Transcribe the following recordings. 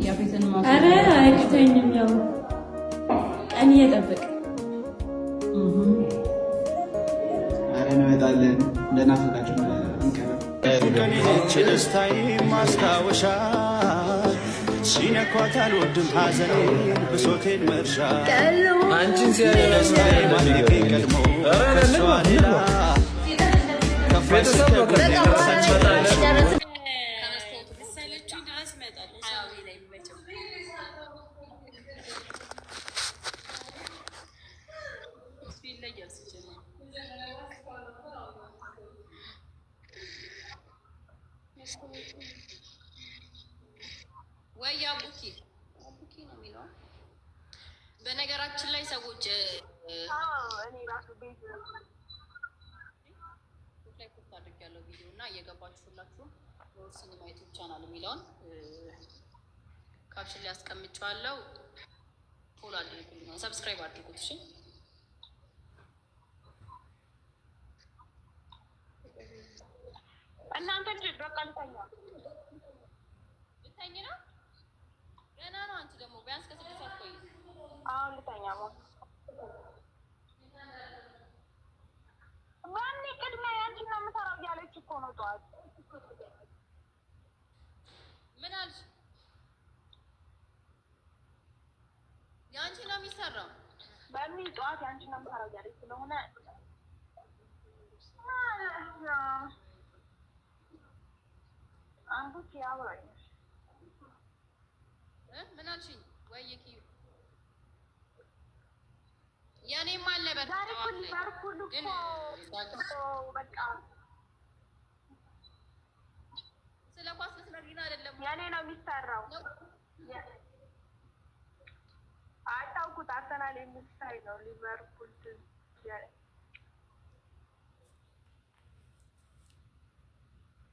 ኧረ አይተኝም። ያው ቀን እየጠበቀ ኧረ እንመጣለን። እንደናፈቃችሁ ደስታዬ ማስታወሻ ሲነኳት አልወድም ሐዘኔን ብሶቴን መርሻ አንቺን ሲያደስታዬ ማድረጌ ቀድሞ ከሷ ሌላ ከፋ ሌላ ይመቸው። ወይ አቡኪ አቡኪ ነው የሚለው። በነገራችን ላይ ሰዎች ላይ ኮርት አድርግ ያለው ቪዲዮ እና እየገባችሁ ሁላችሁም ሲኒማ ዩቱብ ቻናል የሚለውን ካፕሽን ላይ አስቀምጫለሁ። ፎሎ አድርጉልኝ፣ ሰብስክራይብ አድርጉት። እሺ እናንተ ልጅ በቃ ልተኛ ልተኝ ነው ገና ነው። አንቺ ደግሞ ቢያንስ ከስድስት ሰዓት ቆይ። አሁን ልተኛ ማን ቅድሚያ ያንቺ ነው የምሰራው እያለች እኮ ነው ጠዋት ሰራው ማሚ ጠዋት ያንቺን ነው የምሰራው ዛሬ ስለሆነ አንዱ ሲያወራኝ ምን አልሽኝ? ወይ ኪዩ የኔም አለ በቃ ስለ ኳስ ልትነግሪኝ አይደለም የኔ ነው የሚሰራው ባል ምሳሌ ነው ሊመርኩል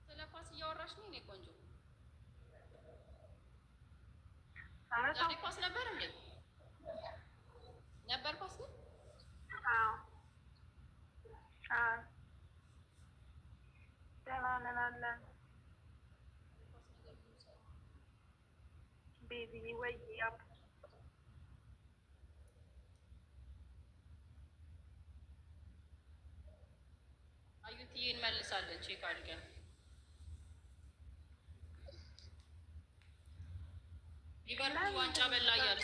ስለ ኳስ እያወራሽ ነው። እኔ ቆንጆ ዛሬ ኳስ ነበር እንዴ? ነበር ኳስ ነው። ደህና ነን አለን ቤቢ ወይ አዩትዬ መልሳለን ቼክ አድርገን ሊቨርፑል ዋንጫ በላ እያሉ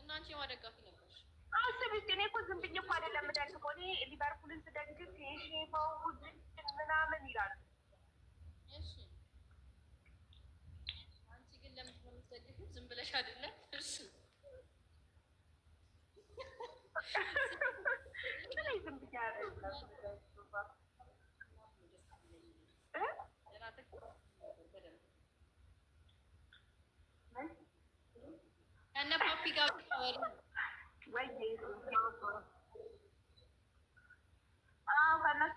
እና አንቺ የማደጋፊ ነበርሽ። አስብ እስኪ እኔ እኮ ዝም ብዬ እኮ አይደለም የምደግፈው። እኔ ሊቨርፑልን ስደግፍ የሼፋው ቡድን ምናምን ይላሉ። እሺ አንቺ ግን ለምንድን ነው የምትደግፊው? ዝም ብለሽ አይደለ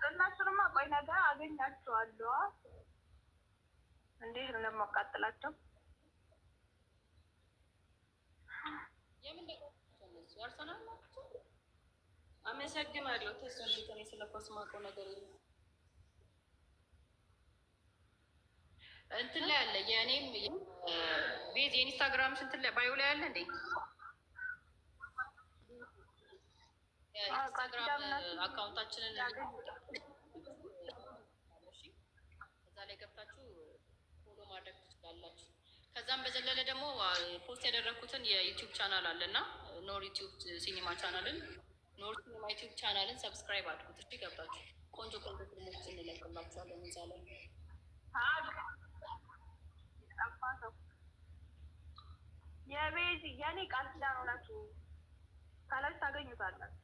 ከእነሱ እናንተንማ ቆይ ነገ አገኛቸዋለሁ። እንዴት ነው የማቃጥላቸው? አመሰግናለሁ። ተሰንተን ስለኳስ ነገር የለም። እንትን ላይ አለ የእኔም ቤዝ የኢንስታግራም ስንት ላይ ባዩ ላይ አለ እንዴ? የኢንስታግራም አካውንታችንን እዛ ላይ ገብታችሁ ፎሎ ማድረግ ትችላላችሁ። ከዛም በዘለለ ደግሞ ፖስት ያደረግኩትን የዩቲዩብ ቻናል አለ እና ኖር ዩቲዩብ ሲኒማ ቻናልን ኖር ሲኒማ ዩቲዩብ ቻናልን ሰብስክራይብ አድርጉት። እሺ ገብታችሁ ቆንጆ ቆንጆ ፊልሞች እንለቅላችኋለን እዛ ላይ የቤዚ የኔ ቃል ኪዳን እውነቱ ካላችሁ ታገኙታላችሁ።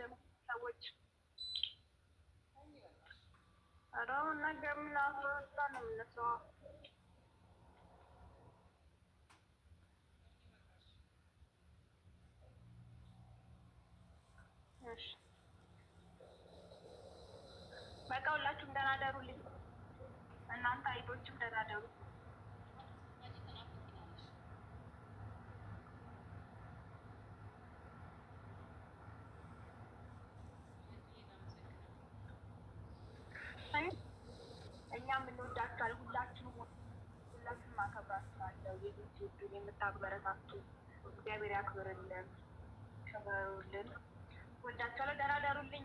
ደግሞ ሰዎች አራው ነገር ምን አፍሮታ ነው የምነሳው። በቃ ሁላችሁም ደህና ደሩልኝ። እናንተ አይቶችም ደህና የምትወዱ የምታበረታቱ እግዚአብሔር ያክብርልን፣ ክበሩልን። ወዳቸዋለሁ። ደህና ደሩልኝ።